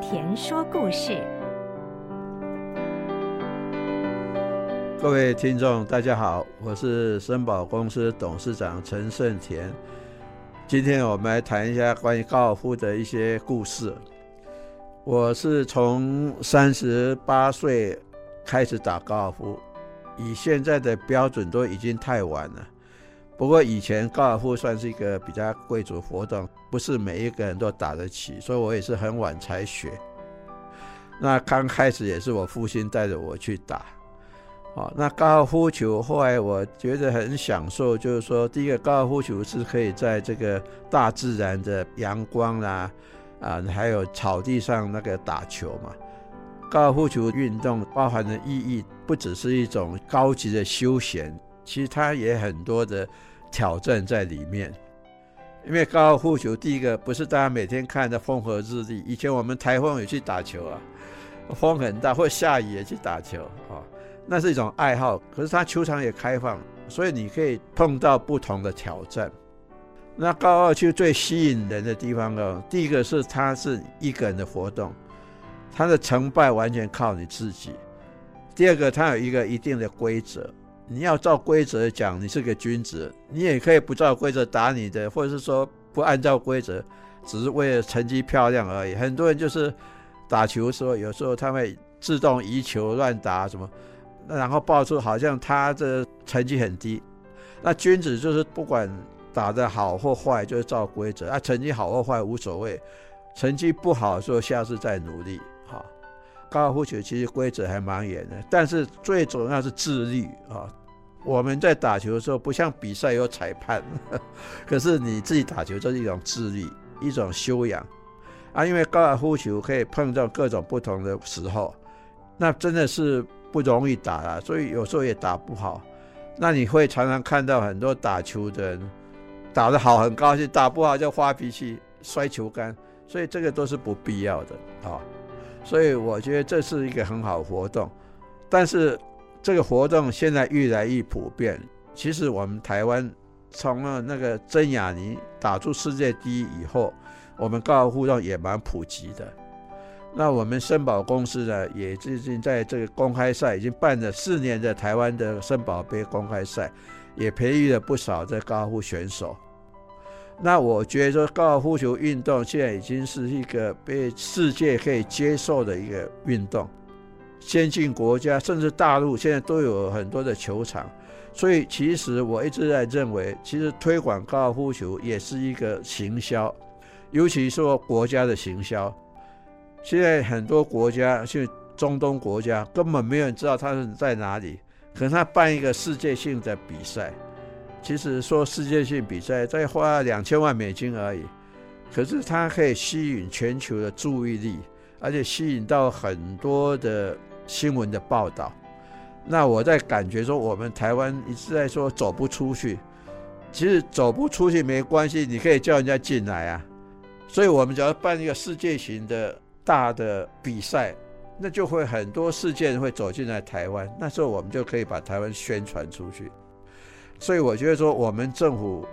田說故事，各位聽眾大家好，我是森寶公司董事長陳勝田。今天我們來談一下關於高爾夫的一些故事。我是從三十八歲開始打高爾夫，以現在的標準都已經太晚了。不過以前高爾夫算是一個比較貴族活動，不是每一個人都打得起，所以我也是很晚才學。那剛開始也是我父親帶着我去打，好，那高爾夫球後來我覺得很享受，就是說，第一個高爾夫球是可以在這個大自然的陽光啦，啊，啊，還有草地上那個打球嘛。高爾夫球運動包含的意義不只是一種高級的休閒，其實它也很多的挑戰在裡面，因為高爾夫球第一個不是大家每天看的風和日麗，以前我們台風也去打球啊，風很大或下雨也去打球啊，哦，那是一種愛好。可是它球場也開放，所以你可以碰到不同的挑戰。那高爾夫球最吸引人的地方哦，第一個是它是一個人的活動，它的成敗完全靠你自己；第二個，它有一個一定的規則。你要照規則講，你是個君子，你也可以不照規則打你的，或者是說不按照規則，只是為了成績漂亮而已。很多人就是打球的時候，有時候他會自動移球亂打什麼，然後爆出好像他的成績很低。那君子就是不管打的好或壞，就是照規則，那成績好或壞無所謂，成績不好說下次再努力哈。高爾夫球其實規則還蠻嚴的，但是最重要是自律啊。我們在打球的時候，不像比賽有裁判，可是你自己打球就是一種自律，一種修養啊。因為高爾夫球可以碰到各種不同的時候，那真的是不容易打了啊，所以有時候也打不好。那你會常常看到很多打球的人，打得好很高興，打不好就發脾氣摔球桿，所以這個都是不必要的啊。哦所以我覺得這是一個很好活動，但是這個活動現在愈來愈普遍。其實我們台灣從了那個曾雅妮打出世界第一以後，我們高爾夫球也蠻普及的。那我們森寶公司呢，也最近在這個公開賽已經辦了四年的台灣的森寶杯公開賽，也培育了不少的高爾夫選手。那我覺得高爾夫球運動現在已經是一個被世界可以接受的一個運動，先進國家甚至大陸現在都有很多的球場，所以其實我一直在認為，其實推廣高爾夫球也是一個行銷，尤其說國家的行銷。現在很多國家，像中東國家，根本沒有人知道他是在哪裡，可能他辦一個世界性的比賽。其實說世界性比賽，再花兩千萬美金而已，可是它可以吸引全球的注意力，而且吸引到很多的新聞的報道。那我在感覺說，我們台灣一直在說走不出去，其實走不出去沒關係，你可以叫人家進來啊。所以，我們只要辦一個世界型的大的比賽，那就會很多事件會走進來台灣，那時候我們就可以把台灣宣傳出去。所以我覺得說，我們政府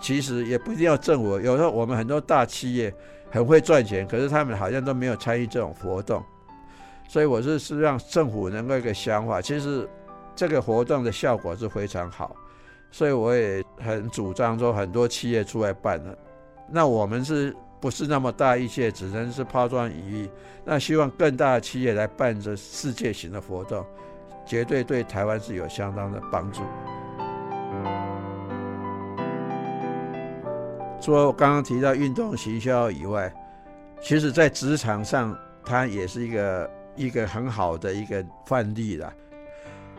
其實也不一定要政府。有時候我們很多大企業很會賺錢，可是他們好像都沒有參與這種活動。所以我是是讓政府能夠一個想法，其實這個活動的效果是非常好。所以我也很主張說，很多企業出來辦了。那我們是不是那麼大，一切只能是拋磚引玉。那希望更大的企業來辦這世界型的活動，絕對對台灣是有相當的幫助。除了我剛剛提到運動行銷以外，其實在職場上，它也是一個一個很好的一個範例啦，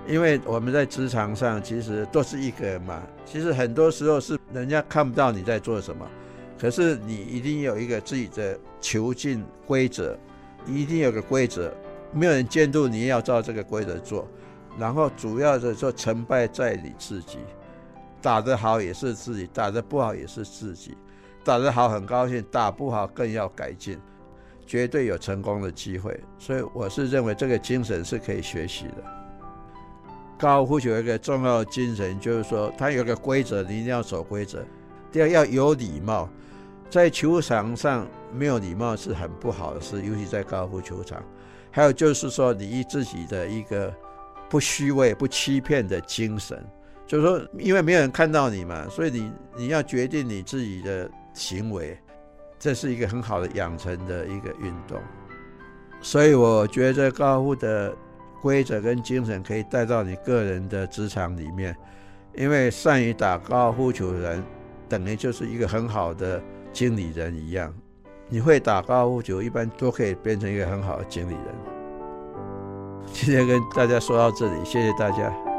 因為我們在職場上，其實都是一個人嘛，其實很多時候是人家看不到你在做什麼，可是你一定有一個自己的囚禁規則，一定有個規則，沒有人監督，你也要照這個規則做。然後主要的是說成敗在你自己。打得好也是自己，打得不好也是自己。打得好很高興，打不好更要改進，絕對有成功的機會。所以我是認為這個精神是可以學習的。高爾夫球一個重要的精神就是說，它有一個規則，你一定要守規則。第二要有禮貌，在球場上沒有禮貌是很不好的事，尤其在高爾夫球場。還有就是說，你自己的一個不虛偽、不欺騙的精神。就是說，因為沒有人看到你嘛，所以你你要決定你自己的行為，這是一個很好的養成的一個運動。所以我覺得高爾夫的規則跟精神可以帶到你個人的職場裡面，因為善於打高爾夫球的人，等於就是一個很好的經理人一樣。你會打高爾夫球，一般都可以變成一個很好的經理人。今天跟大家說到這裡，謝謝大家。